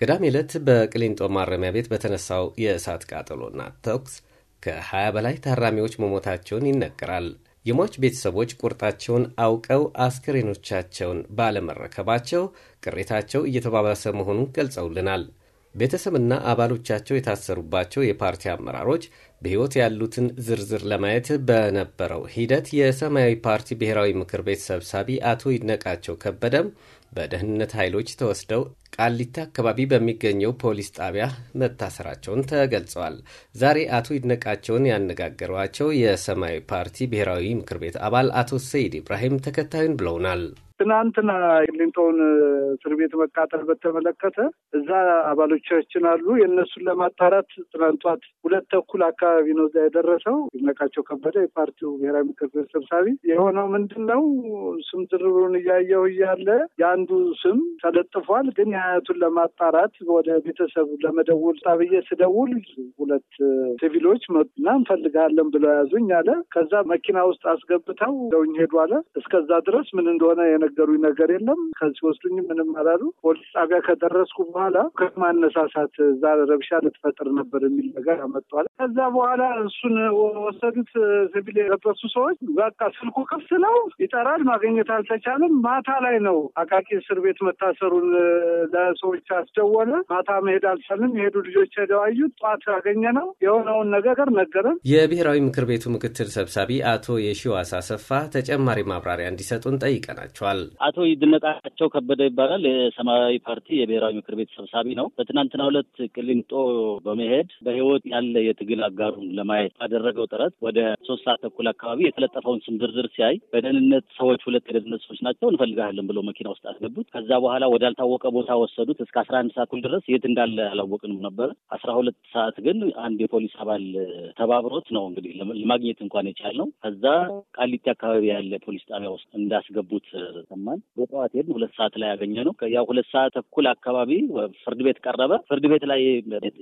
ቅዳሜ ዕለት በቅሊንጦ ማረሚያ ቤት በተነሳው የእሳት ቃጠሎና ተኩስ ከ20 በላይ ታራሚዎች መሞታቸውን ይነገራል። የሟች ቤተሰቦች ቁርጣቸውን አውቀው አስክሬኖቻቸውን ባለመረከባቸው ቅሬታቸው እየተባባሰ መሆኑን ገልጸውልናል። ቤተሰብና አባሎቻቸው የታሰሩባቸው የፓርቲ አመራሮች በሕይወት ያሉትን ዝርዝር ለማየት በነበረው ሂደት የሰማያዊ ፓርቲ ብሔራዊ ምክር ቤት ሰብሳቢ አቶ ይድነቃቸው ከበደም በደህንነት ኃይሎች ተወስደው ቃሊታ አካባቢ በሚገኘው ፖሊስ ጣቢያ መታሰራቸውን ተገልጸዋል። ዛሬ አቶ ይድነቃቸውን ያነጋገሯቸው የሰማያዊ ፓርቲ ብሔራዊ ምክር ቤት አባል አቶ ሰይድ ኢብራሂም ተከታዩን ብለውናል። ትናንትና ክሊንቶን እስር ቤት መቃጠል በተመለከተ እዛ አባሎቻችን አሉ። የእነሱን ለማጣራት ትናንቷት ሁለት ተኩል አካባቢ ነው እዛ የደረሰው። ይድነቃቸው ከበደ የፓርቲው ብሔራዊ ምክር ቤት ሰብሳቢ የሆነው ምንድን ነው ስም ዝርዝሩን እያየው እያለ የአንዱ ስም ተለጥፏል። ግን የአያቱን ለማጣራት ወደ ቤተሰብ ለመደውል ጣብዬ ስደውል ሁለት ሲቪሎች መጡና እንፈልጋለን ብለው ያዙኝ አለ። ከዛ መኪና ውስጥ አስገብተው ደውኝ ሄዱ አለ። እስከዛ ድረስ ምን እንደሆነ የነገሩኝ ነገር የለም። ከሲወስዱኝ ምንም አላሉ። ፖሊስ ጣቢያ ከደረስኩ በኋላ ከማነሳሳት እዛ ረብሻ ልትፈጥር ነበር የሚል ነገር አመጧል። ከዛ በኋላ እሱን ወሰዱት። ሲቪል የለበሱ ሰዎች በቃ ስልኩ ክፍት ነው፣ ይጠራል፣ ማግኘት አልተቻለም። ማታ ላይ ነው አቃቂ እስር ቤት መታሰሩን ለሰዎች አስደወለ። ማታ መሄድ አልቻልም፣ የሄዱ ልጆች ሄደው አዩት። ጠዋት ያገኘ ነው የሆነውን ነገር ነገረን። የብሔራዊ ምክር ቤቱ ምክትል ሰብሳቢ አቶ የሺዋስ አሰፋ ተጨማሪ ማብራሪያ እንዲሰጡን ጠይቀናቸዋል። ተናግረዋል። አቶ ይድነቃቸው ከበደ ይባላል። የሰማያዊ ፓርቲ የብሔራዊ ምክር ቤት ሰብሳቢ ነው። በትናንትና ሁለት ቅሊንጦ በመሄድ በህይወት ያለ የትግል አጋሩን ለማየት ባደረገው ጥረት ወደ ሶስት ሰዓት ተኩል አካባቢ የተለጠፈውን ስም ዝርዝር ሲያይ በደህንነት ሰዎች ሁለት የደህንነት ሰዎች ናቸው እንፈልጋለን ብሎ መኪና ውስጥ አስገቡት። ከዛ በኋላ ወዳልታወቀ ቦታ ወሰዱት። እስከ አስራ አንድ ሰዓት ድረስ የት እንዳለ አላወቅንም ነበር። አስራ ሁለት ሰዓት ግን አንድ የፖሊስ አባል ተባብሮት ነው እንግዲህ ለማግኘት እንኳን የቻልነው ከዛ ቃሊቲ አካባቢ ያለ ፖሊስ ጣቢያ ውስጥ እንዳስገቡት ሰማን። በጠዋት ሄድን፣ ሁለት ሰዓት ላይ ያገኘ ነው። ያው ሁለት ሰዓት ተኩል አካባቢ ፍርድ ቤት ቀረበ። ፍርድ ቤት ላይ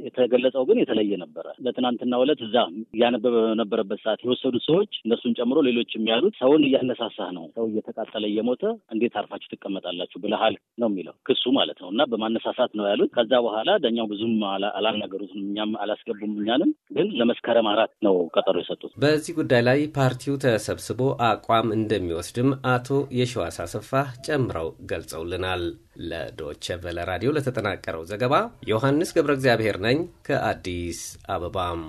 የተገለጸው ግን የተለየ ነበረ። ለትናንትና ዕለት እዛ እያነበበ በነበረበት ሰዓት የወሰዱ ሰዎች እነሱን ጨምሮ ሌሎችም ያሉት ሰውን እያነሳሳህ ነው፣ ሰው እየተቃጠለ እየሞተ እንዴት አርፋችሁ ትቀመጣላችሁ ብለሃል ነው የሚለው ክሱ ማለት ነው። እና በማነሳሳት ነው ያሉት። ከዛ በኋላ ዳኛው ብዙም አላናገሩትም፣ እኛም አላስገቡም። እኛንም ግን ለመስከረም አራት ነው ቀጠሮ የሰጡት። በዚህ ጉዳይ ላይ ፓርቲው ተሰብስቦ አቋም እንደሚወስድም አቶ የሸዋሳ አሰፋ ጨምረው ገልጸውልናል። ለዶቼ ራዲዮ ለተጠናቀረው ዘገባ ዮሐንስ ገብረ እግዚአብሔር ነኝ ከአዲስ አበባም